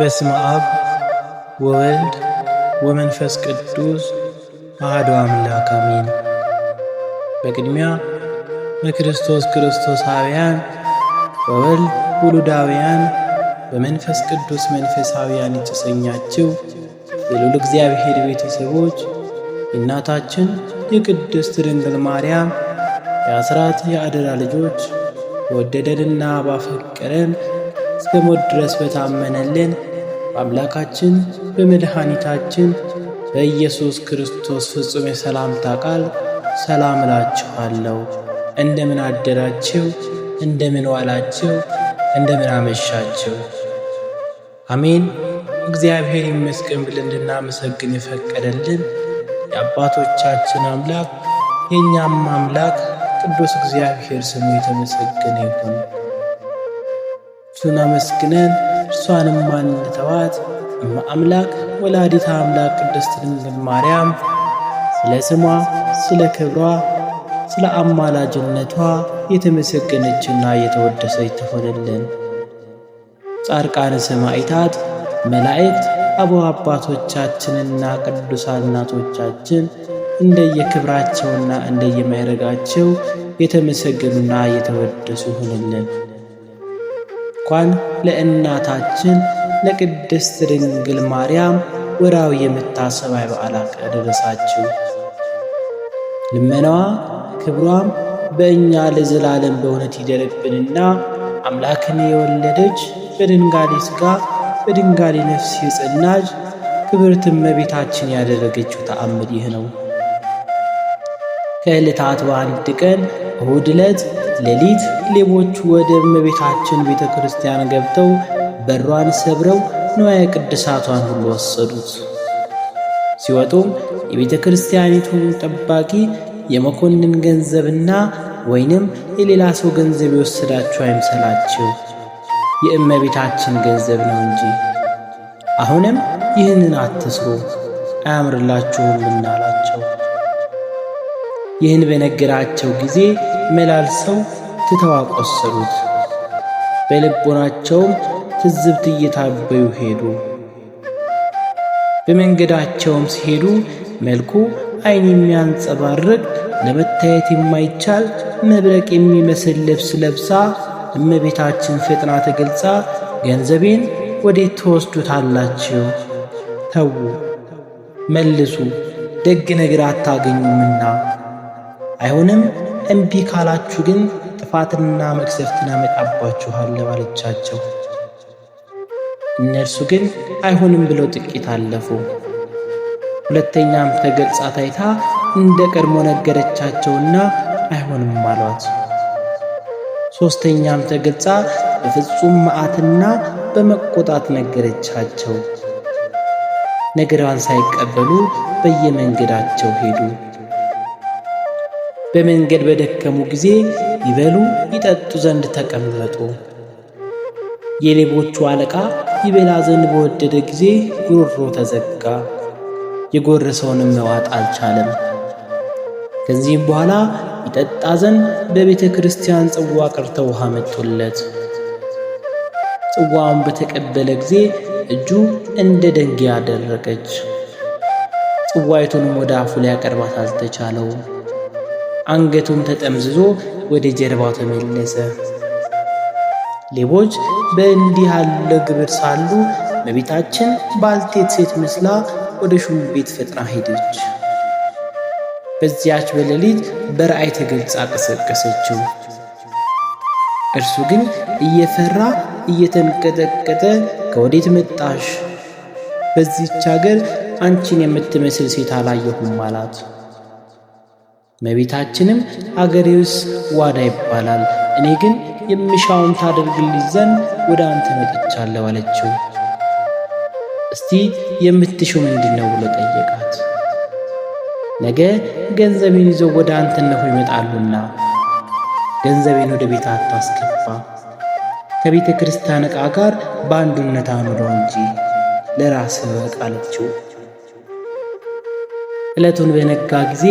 በስመ አብ ወወልድ ወመንፈስ ቅዱስ አሐዱ አምላክ አሜን። በቅድሚያ በክርስቶስ ክርስቶሳውያን በወልድ ውሉዳውያን በመንፈስ ቅዱስ መንፈሳውያን የተሰኛችው የልዑል እግዚአብሔር ቤተሰቦች የእናታችን የቅድስት ድንግል ማርያም የአስራት የአደራ ልጆች በወደደንና ባፈቀረን እስከ ሞት ድረስ በታመነልን በአምላካችን በመድኃኒታችን በኢየሱስ ክርስቶስ ፍጹም የሰላምታ ቃል ሰላም እላችኋለሁ። እንደምን አደራችሁ? እንደምን ዋላችሁ? እንደምን አመሻችሁ? አሜን። እግዚአብሔር ይመስገን ብለን እንድናመሰግን የፈቀደልን የአባቶቻችን አምላክ የእኛም አምላክ ቅዱስ እግዚአብሔር ስሙ የተመሰገነ ይሁን። እርሱን አመስግነን እርሷንም ማንተዋት እመ አምላክ ወላዲተ አምላክ ቅድስት ድንግል ማርያም ስለ ስሟ ስለ ክብሯ ስለ አማላጅነቷ የተመሰገነችና የተወደሰች ትሆንልን። ጻድቃን ሰማዕታት፣ መላእክት፣ አበው አባቶቻችንና ቅዱሳን እናቶቻችን እንደየክብራቸውና እንደየማዕረጋቸው የተመሰገኑና የተወደሱ ይሆንልን። እንኳን ለእናታችን ለቅድስት ድንግል ማርያም ወራዊ የመታሰቢያ በዓል አደረሳችሁ። ልመናዋ ክብሯም በእኛ ለዘላለም በእውነት ይደርብንና አምላክን የወለደች በድንጋሌ ሥጋ በድንጋሌ ነፍስ የጸናች ክብርት እመቤታችን ያደረገችው ተአምር ይህ ነው። ከዕለታት በአንድ ቀን እሁድ ዕለት ሌሊት ሌቦች ወደ እመቤታችን ቤተ ክርስቲያን ገብተው በሯን ሰብረው ንዋየ ቅድሳቷን ሁሉ ወሰዱት። ሲወጡም የቤተ ክርስቲያኒቱን ጠባቂ የመኮንን ገንዘብና ወይንም የሌላ ሰው ገንዘብ የወሰዳችሁ አይምሰላችሁ፣ የእመቤታችን ገንዘብ ነው እንጂ። አሁንም ይህንን አትስሩ አያምርላችሁም አላቸው። ይህን በነገራቸው ጊዜ መላልሰው ትተው አቆሰሉት። በልቦናቸውም ትዝብት እየታበዩ ሄዱ። በመንገዳቸውም ሲሄዱ መልኩ ዓይን የሚያንጸባርቅ ለመታየት የማይቻል መብረቅ የሚመስል ልብስ ለብሳ እመቤታችን ፈጥና ተገልጻ ገንዘቤን ወዴት ትወስዱታላችሁ? ተዉ መልሱ፣ ደግ ነገር አታገኙምና አይሆንም እምቢ ካላችሁ ግን ጥፋትና መቅሰፍትን አመጣባችኋል አለቻቸው። እነርሱ ግን አይሆንም ብለው ጥቂት አለፉ። ሁለተኛም ተገልጻ ታይታ እንደ ቀድሞ ነገረቻቸውና አይሆንም አሏት። ሦስተኛም ተገልጻ በፍጹም መዓትና በመቆጣት ነገረቻቸው። ነገሯን ሳይቀበሉ በየመንገዳቸው ሄዱ። በመንገድ በደከሙ ጊዜ ይበሉ ይጠጡ ዘንድ ተቀመጡ። የሌቦቹ አለቃ ይበላ ዘንድ በወደደ ጊዜ ጉሮሮ ተዘጋ፣ የጎረሰውንም መዋጥ አልቻለም። ከዚህም በኋላ ይጠጣ ዘንድ በቤተ ክርስቲያን ጽዋ ቀርተው ውሃ መጥቶለት ጽዋውን በተቀበለ ጊዜ እጁ እንደ ደንጌ አደረገች። ጽዋይቱንም ወደ አፉ ሊያቀርባት አልተቻለውም። አንገቱም ተጠምዝዞ ወደ ጀርባው ተመለሰ። ሌቦች በእንዲህ ያለ ግብር ሳሉ እመቤታችን ባልቴት ሴት መስላ ወደ ሹም ቤት ፈጥና ሄደች። በዚያች በሌሊት በራእይ ተገልጻ ቀሰቀሰችው። እርሱ ግን እየፈራ እየተንቀጠቀጠ ከወዴት መጣሽ? በዚህች አገር አንቺን የምትመስል ሴት አላየሁም አላት። መቤታችንም አገሬውስ ዋዳ ይባላል፣ እኔ ግን የምሻውን ታደርግልኝ ዘንድ ወደ አንተ መጥቻለሁ አለችው። እስቲ የምትሽው ምንድን ነው ብሎ ጠየቃት። ነገ ገንዘቤን ይዘው ወደ አንተ እነሆ ይመጣሉና ገንዘቤን ወደ ቤት አታስከፋ፣ ከቤተ ክርስቲያን ዕቃ ጋር በአንዱነት አኑረው እንጂ ለራስህ እወቅ አለችው። ዕለቱን በነጋ ጊዜ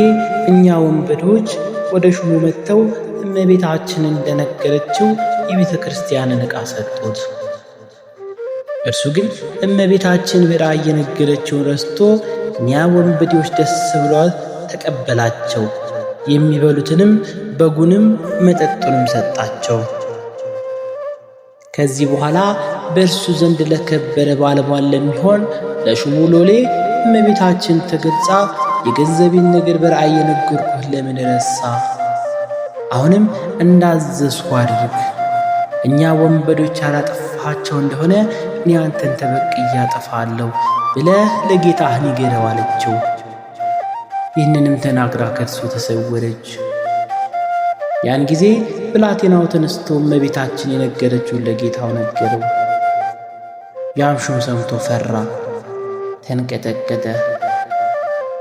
እኛ ወንበዶች ወደ ሹሙ መጥተው እመቤታችን እንደነገረችው የቤተ ክርስቲያንን ዕቃ ሰጡት። እርሱ ግን እመቤታችን በራእይ የነገረችውን ረስቶ እኛ ወንበዴዎች ደስ ብሏት ተቀበላቸው። የሚበሉትንም በጉንም መጠጡንም ሰጣቸው። ከዚህ በኋላ በእርሱ ዘንድ ለከበረ ባለሟል ለሚሆን ለሹሙ ሎሌ እመቤታችን ተገልጻ የገንዘቤን ነገር በራእይ የነገርኩህ ለምን ረሳ? አሁንም እንዳዘዝኩ አድርግ። እኛ ወንበዶች አላጠፋቸው እንደሆነ እኔ አንተን ተበቅዬ አጠፋለሁ ብለህ ለጌታህ ንገረው አለችው። ይህንንም ተናግራ ከእርሱ ተሰወረች። ያን ጊዜ ብላቴናው ተነስቶ እመቤታችን የነገረችውን ለጌታው ነገረው። ያም ሹም ሰምቶ ፈራ፣ ተንቀጠቀጠ።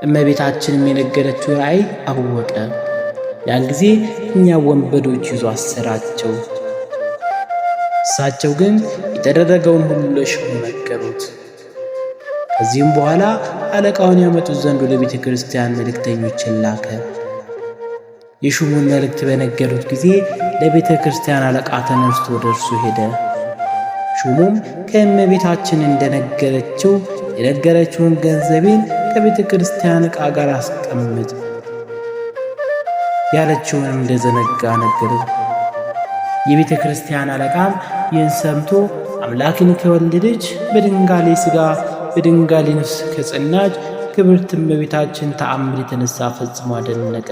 እመቤታችንም የነገረችው ራእይ አወቀ። ያን ጊዜ እኛ ወንበዶች ይዞ አሰራቸው። እሳቸው ግን የተደረገውን ሁሉ ለሾሙ ነገሩት። ከዚህም በኋላ አለቃውን ያመጡት ዘንድ ወደ ቤተ ክርስቲያን መልእክተኞችን ላከ። የሹሙን መልእክት በነገሩት ጊዜ ለቤተ ክርስቲያን አለቃ ተነስቶ ወደ እርሱ ሄደ። ሹሙም ከእመቤታችን እንደነገረችው የነገረችውን ገንዘቤን ከቤተ ክርስቲያን ዕቃ ጋር አስቀምጥ ያለችውን እንደዘነጋ ነገር የቤተ ክርስቲያን አለቃም ይህን ሰምቶ አምላክን ከወለደች በድንጋሌ ሥጋ በድንጋሌ ነፍስ ከጸናች ክብርት እመቤታችን ተአምር የተነሳ ፈጽሞ አደነቀ።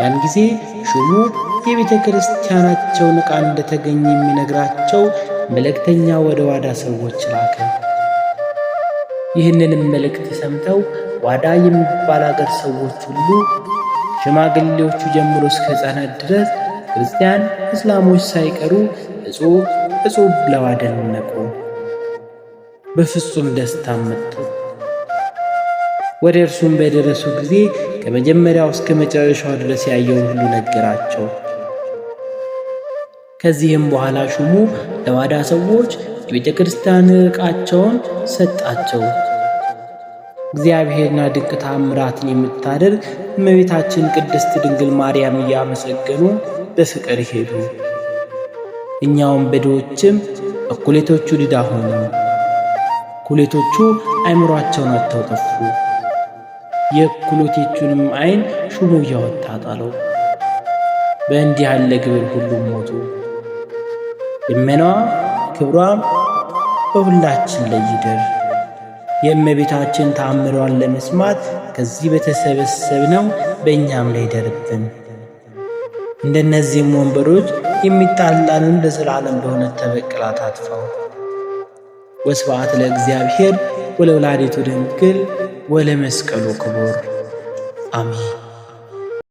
ያን ጊዜ ሹሙ የቤተ ክርስቲያናቸውን ዕቃ እንደተገኘ የሚነግራቸው መልእክተኛ ወደ ዋዳ ሰዎች ላከ። ይህንንም መልእክት ሰምተው ዋዳ የሚባል አገር ሰዎች ሁሉ ሽማግሌዎቹ ጀምሮ እስከ ሕፃናት ድረስ ክርስቲያን፣ እስላሞች ሳይቀሩ እጹብ እጹብ ብለው አደነቁ። በፍጹም ደስታ መጡ። ወደ እርሱም በደረሱ ጊዜ ከመጀመሪያው እስከ መጨረሻው ድረስ ያየውን ሁሉ ነገራቸው። ከዚህም በኋላ ሹሙ ለዋዳ ሰዎች የቤተ ክርስቲያን ዕቃቸውን ሰጣቸው። እግዚአብሔርና ድንቅ ታምራትን የምታደርግ እመቤታችን ቅድስት ድንግል ማርያም እያመሰገኑ በፍቅር ሄዱ። እኛውን ወንበዴዎችም እኩሌቶቹ ድዳ ሆኑ። እኩሌቶቹ አይምሯቸውን አጥተው ጠፉ። የእኩሌቶቹንም አይን ሹሙ እያወጣ ጣለው። በእንዲህ ያለ ግብር ሁሉም ሞቱ። ልመናዋ ክብሯም በሁላችን ላይ ይደር። የእመቤታችን ተአምሯን ለመስማት ከዚህ በተሰበሰብነው በእኛም ላይ ይደርብን። እንደነዚህም ወንበሮች የሚጣላንን ለዘላለም በእውነት ተበቅላት አጥፋው። ወስብሐት ለእግዚአብሔር ወለወላዲቱ ድንግል ወለመስቀሉ ክቡር አሜን።